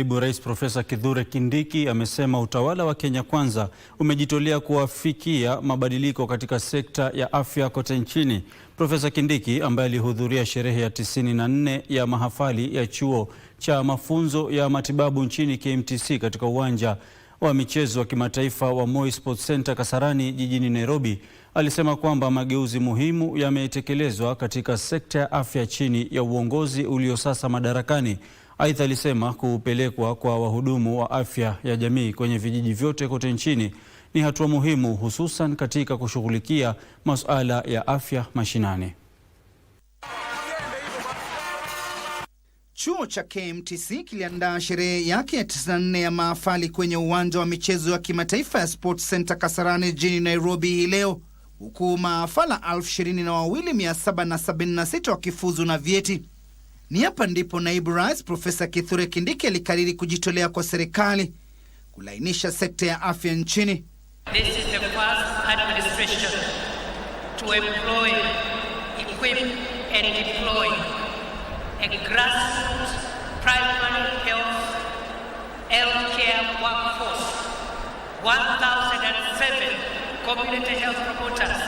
Naibu Rais Profesa Kithure Kindiki amesema utawala wa Kenya Kwanza umejitolea kuwafikia mabadiliko katika sekta ya afya kote nchini. Profesa Kindiki ambaye alihudhuria sherehe ya 94 ya mahafali ya chuo cha mafunzo ya matibabu nchini KMTC katika uwanja wa michezo wa kimataifa wa Moi Sports Center Kasarani jijini Nairobi alisema kwamba mageuzi muhimu yametekelezwa katika sekta ya afya chini ya uongozi ulio sasa madarakani. Aidha, alisema kupelekwa kwa wahudumu wa afya ya jamii kwenye vijiji vyote kote nchini ni hatua muhimu, hususan katika kushughulikia masuala ya afya mashinani. Chuo cha KMTC kiliandaa sherehe yake ya 94 ya mahafali kwenye uwanja wa michezo ya kimataifa ya Sports Center Kasarani jijini Nairobi hii leo, huku maafala 22,776 wakifuzu na vyeti. Ni hapa ndipo naibu rais Profesa Kithure Kindiki alikariri kujitolea kwa serikali kulainisha sekta ya afya nchini. This is the first administration to employ, equip and deploy a grassroots primary health healthcare workforce 1007 community health promoters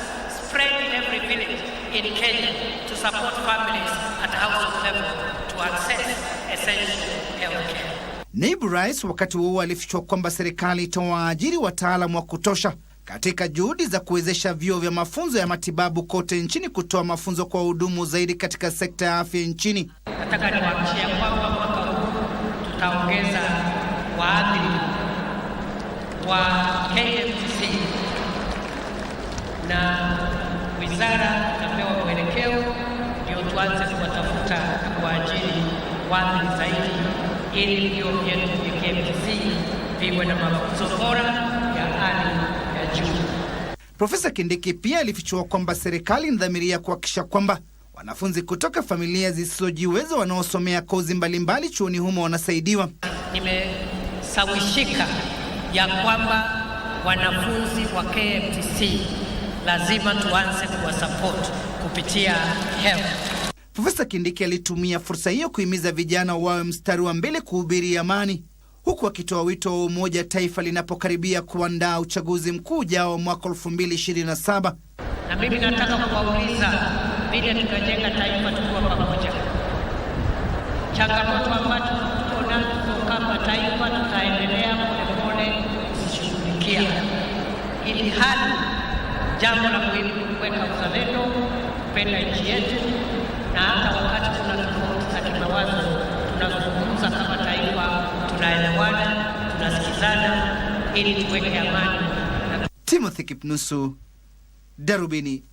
spread in every village in Kenya to support families at household level to access essential care. Naibu Rais wakati huo alifichwa kwamba serikali itawaajiri wataalamu wa kutosha katika juhudi za kuwezesha vyuo vya mafunzo ya matibabu kote nchini kutoa mafunzo kwa hudumu zaidi katika sekta ya afya nchini. Nataka niwahakikishie kwamba mwaka huu tutaongeza waadhiri wa KMTC na wizara kuibuka kwa ajili watu zaidi, ili vio vyetu vya KMTC viwe na mafunzo bora ya hali ya juu. Profesa Kindiki pia alifichua kwamba serikali inadhamiria kuhakikisha kwamba wanafunzi kutoka familia zisizojiweza wanaosomea kozi mbalimbali chuoni humo wanasaidiwa. Nimesawishika ya kwamba wanafunzi wa KMTC lazima tuanze kuwasapoti kupitia HELB. Profesa Kindiki alitumia fursa hiyo kuhimiza vijana wawe mstari wa mbele kuhubiri amani, huku akitoa wito wa umoja taifa linapokaribia kuandaa uchaguzi mkuu ujao mwaka 2027. Na mimi nataka kuwauliza vile tunajenga taifa tukiwa pamoja, changamoto ambazo tuko nazo kama taifa tutaendelea polepole kushughulikia, ili hali jambo la muhimu kuweka uzalendo, kupenda nchi yetu na hata wakati kuna tofauti za kimawazo, tunazungumza kama taifa, tunaelewana, tunasikizana ili tuweke amani. Timothy Kipnusu, Darubini.